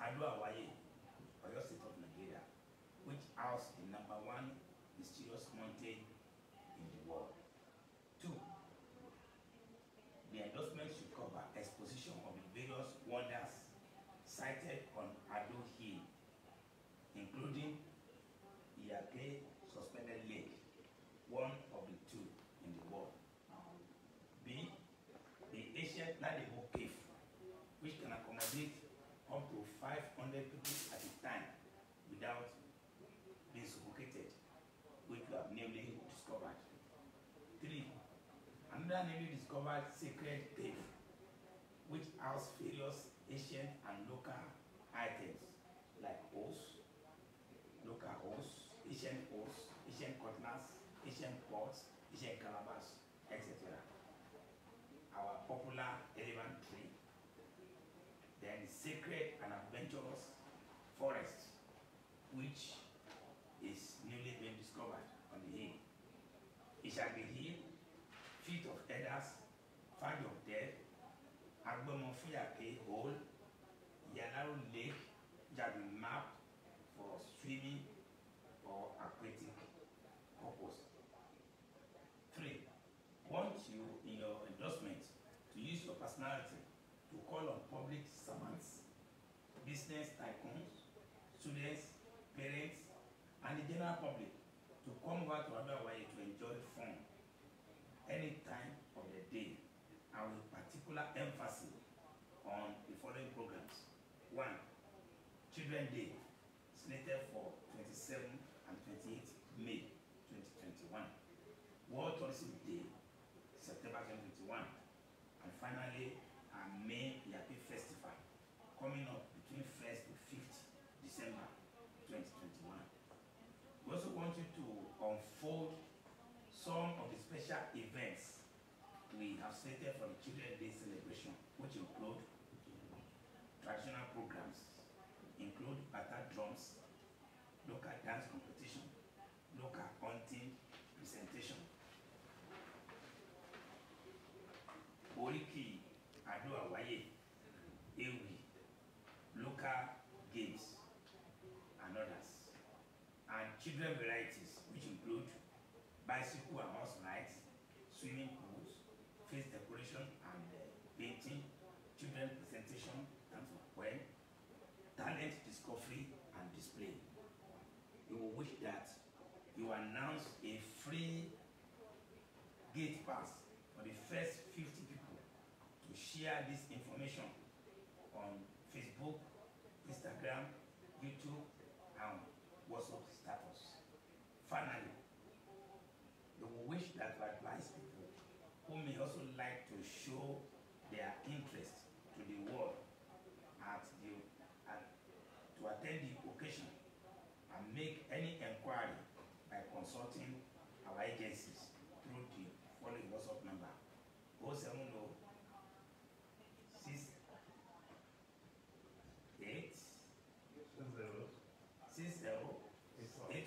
Adua Waye, Oyo State of Nigeria, which house the number one mysterious mountain in the world. Two, the endorsement should cover exposition of the various wonders cited 500 people at a time without being suffocated, which we have newly discovered. Three, another newly discovered sacred cave, which house various ancient and local items like hosts, local hosts, ancient hosts, ancient cutlass, ancient pots, ancient calabashes. streaming or aquatic purpose. Three, want you in your endorsement to use your personality to call on public servants, business tycoons, students, parents, and the general public to come over to Aduawaye to enjoy fun any time of the day and with particular emphasis on the following programs. One, Children Day, Progressive Day, September 2021, and finally our main Yapi Festival, coming up between 1st to 5th December 2021. We also want you to unfold some of the special events we have selected for the Children's Day celebration, which include Ado Awaye, Ewi, local games, and others. And children varieties, which include bicycle and horse rides, swimming pools, face decoration and uh, painting, children presentation and for well, talent discovery and display. You wish that you announce a free share this information on Facebook, Instagram, YouTube, and WhatsApp status. Finally, we wish that to advise people who may also like to show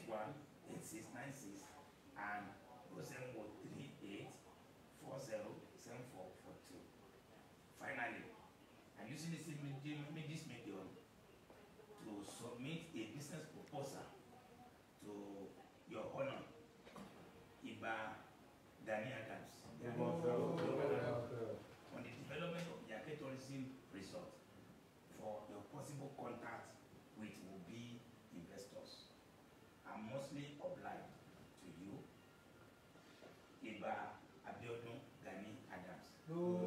one, and No.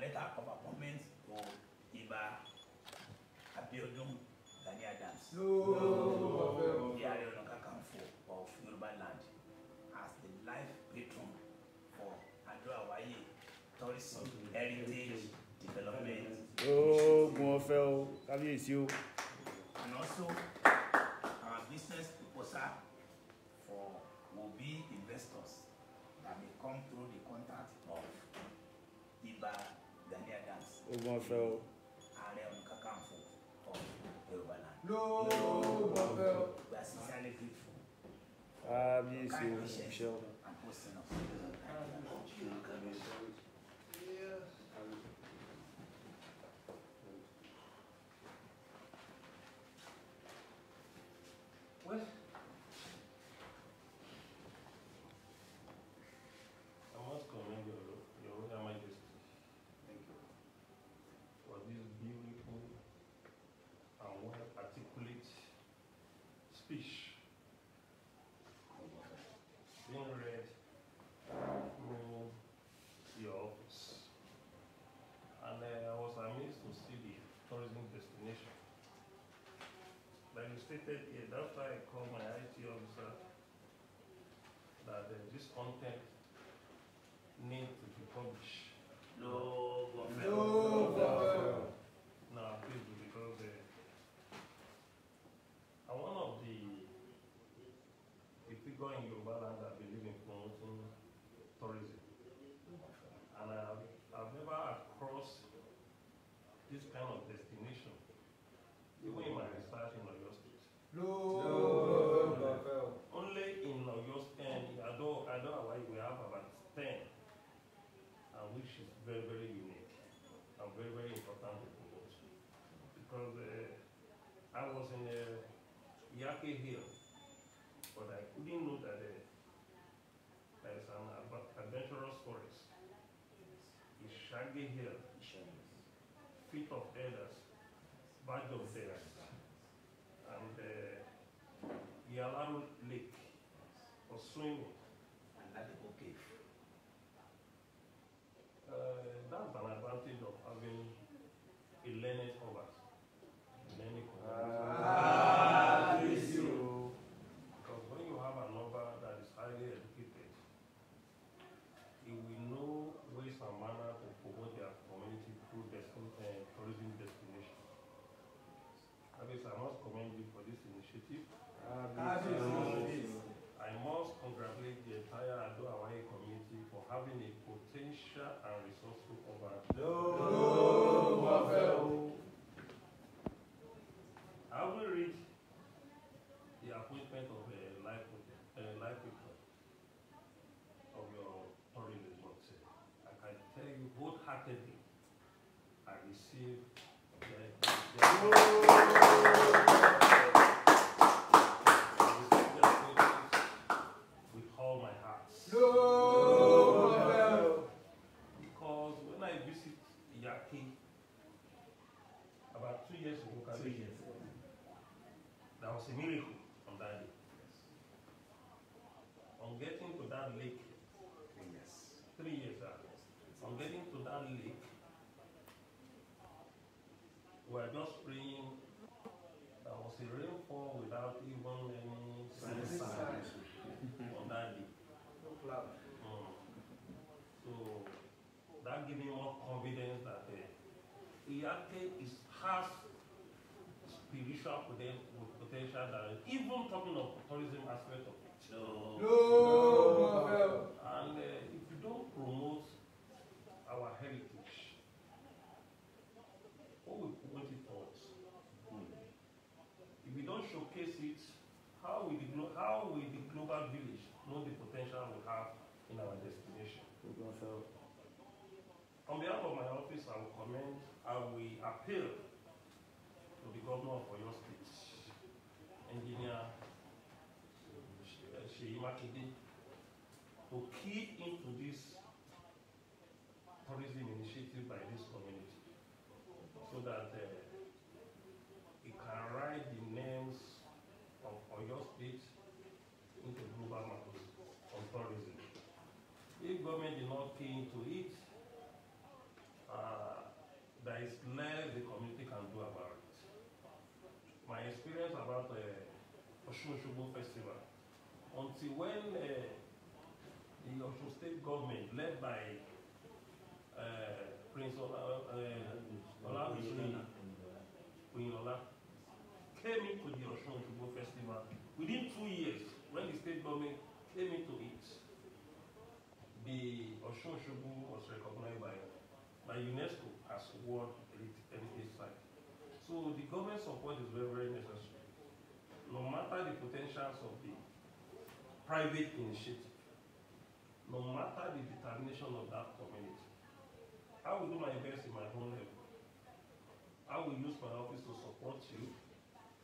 letter of appointment to Iba Abiodun Gani Adams. No. The Ààrẹ Ọ̀nà of Yoruba land as the life patron for Ado-Awaye Tourism Heritage Development. Oògùn ọ̀fẹ́ o, kábíyèsí o. And also our business proposal for will be investors that may come through the ogun ọ̀fẹ́ o. ààrẹ o. Ah, lè fò. Ah, speech. Glory rule the office. And uh, I was amazed to see the tourism destination. But you stated here, why I called my IT officer that uh, this content needs to be published. but I couldn't know that uh, there is an adventurous forest, a shaggy hill, feet of elders, badge of bears, and uh, Yalaru Lake for swimming, manner to promote their community through uh, tourism destination. Abis, I must commend you for this initiative. Abis, Abis. I must congratulate the entire Ado Hawaii community for having a potential and resourceful urban. No. No. tell you wholeheartedly, I receive the. We are just praying There was a rainfall without even any sign on that day. No cloud. Mm. So that gave me more confidence that uh, eh, Iyake is has spiritual potential that even talking of tourism aspect of it. No. no. no. showcase it, how will the, how will the global village know the potential we have in our destination? On behalf of my office, I will commend and we appeal to the governor of your State, Engineer Sheyi Makinde, to key in government did not keen into it, uh, there is less the community can do about it. My experience about the uh, Oshun Shubu Festival, until when uh, the Oshun State government, led by uh, Prince Ola, uh, uh Ola Mishina, Queen Ola, came into the Oshun Shubu Festival, within two years, when the state government came into it, Oshobo was recognized by, by UNESCO as World Heritage Site. So the government support is very, very necessary. No matter the potentials of the private initiative, no matter the determination of that community, I will do my best in my own level. I will use my office to support you,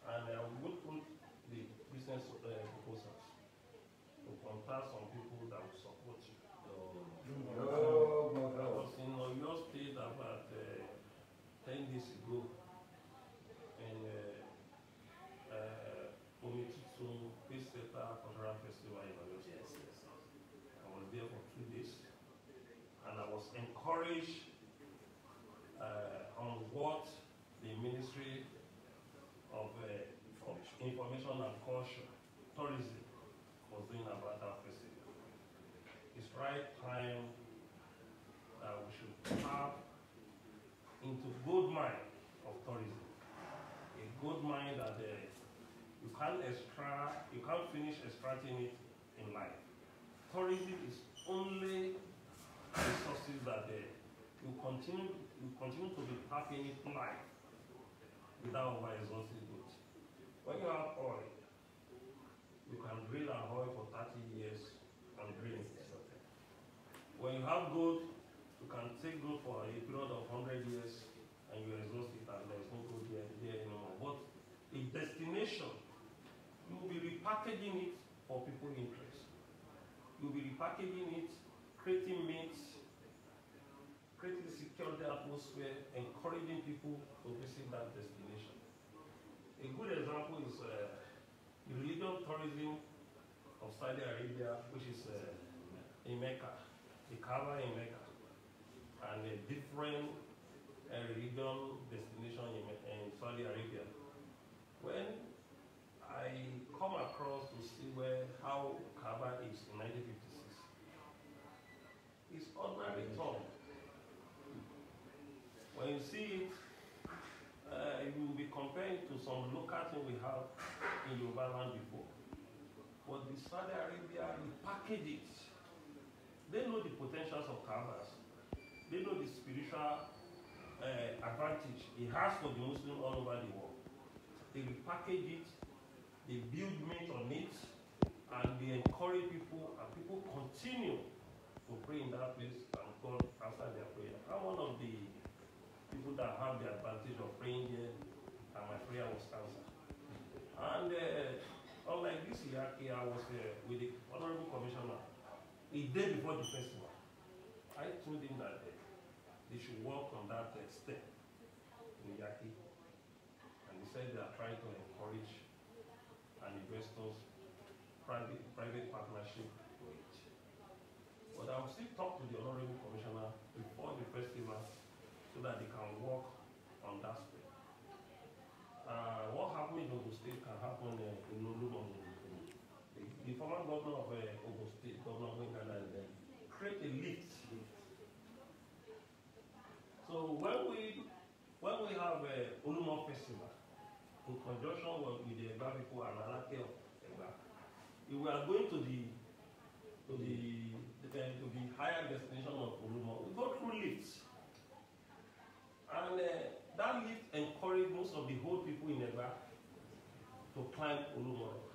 and I will put the business uh, proposals to contact some right time that we should have into good mind of tourism. A good mind that uh, you can't extract, you can't finish extracting it in life. Tourism is only resources that uh, you continue you continue to be tapping it life without over exhausting it. When you have oil, you can drill a oil for 30 years when you have gold, you can take gold for a period of 100 years and you exhaust it and there is no gold there, there anymore. But a destination, you will be repackaging it for people interest. You will be repackaging it, creating myths, creating security the atmosphere, encouraging people to visit that destination. A good example is uh, the religion tourism of Saudi Arabia, which is uh, in Mecca the Kaaba in Mecca and a different uh, religion destination in, in Saudi Arabia. When I come across to see where how Kaaba is in 1956, it's ordinary thought. When you see it, uh, eh, it will be compared to some local thing we have in Yoruba land before. But the Saudi Arabia package. it They know the potentials of Canvas. They know the spiritual uh, advantage it has for the Muslim all over the world. They repackage it, they build meat on it, and they encourage people, and people continue to pray in that place and God answer their prayer. I'm one of the people that have the advantage of praying there, and my prayer was answered. And uh, unlike this Iraqi, I was uh, with the Honorable Commissioner the day before the festival, I told him that uh, they should work on that uh, step in Yaki. And he said they are trying to encourage an investor's private, private partnership for it. But I will still talk to the Honorable Commissioner before the festival so that they can work on that step. Uh, what happened in the State can happen uh, in Olumon the former governor of uh, Ogun State, Governor Winkana, uh, create a lift. So when we when we have a uh, eh, Olumo festival in conjunction with, with the Egba people and Alake of Egba, if we are going to the to the to the higher destination of Olumo, we go through lifts. And uh, that lift encourages most of the whole people in Egba to climb Olumo.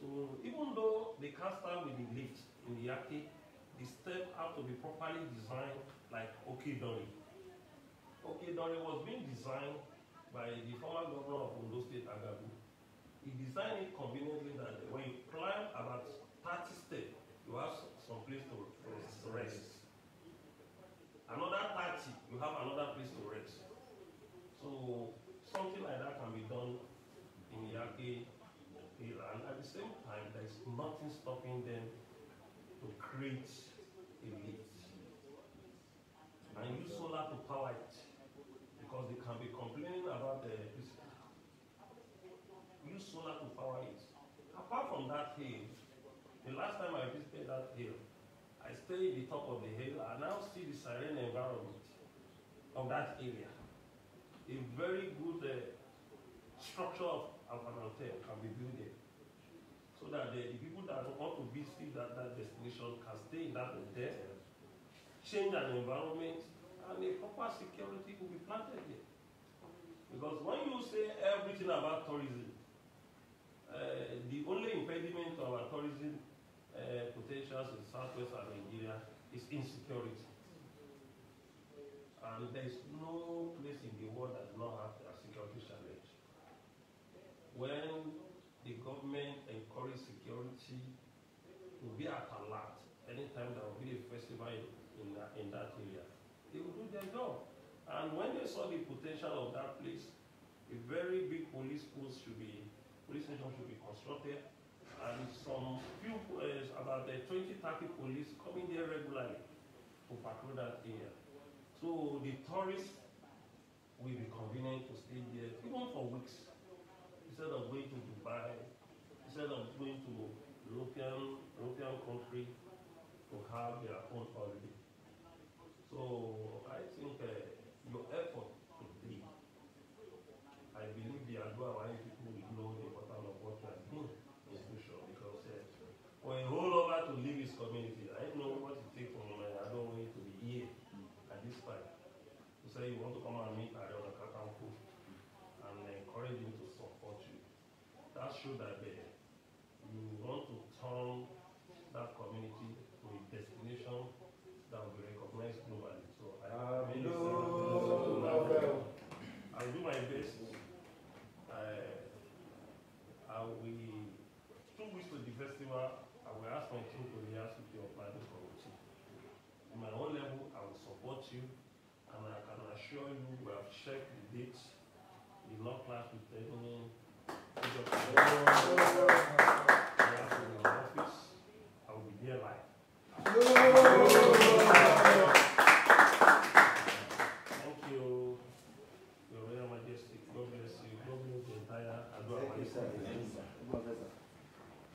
So even though the can't start with the lift in the attic, the step have to be properly designed like Okidori. Okidori was being designed by the former governor of Ondo State, Agabu. He designed it conveniently that when you climb about 30 steps, you have some place to rest. Another 30, you have another place to rest. So something like that same time, there is nothing stopping them to create a lift and use solar to power it because they can be complaining about the Use solar to power it. Apart from that hill, the last time I visited that hill, I stayed at the top of the hill. I now see the serene environment of that area. A very good uh, structure of, of an hotel can be built there that the, the people that want to visit that, that destination can stay in that hotel, change an environment, and a proper security will be planted here. Because when you say everything about tourism, uh, the only impediment to our tourism uh, potentials in southwest Nigeria is insecurity. And there is no place in the world that does not have a security challenge. When the government encourage security to be at alert anytime there will be a festival in, in, that, in that area. They will do their job. And when they saw the potential of that place, a very big police post should be, police station should be constructed, and some few, uh, about the 20, 30 police coming there regularly to patrol that area. So the tourists will be convenient to stay there even for weeks instead of going to Dubai, instead of going to European, European country to have their own holiday. So I think uh, your effort we two weeks to the festival, I will ask my two colleagues to be applied to committee. In my own level, I will support you, and I can assure you we have checked the dates, the law class with any.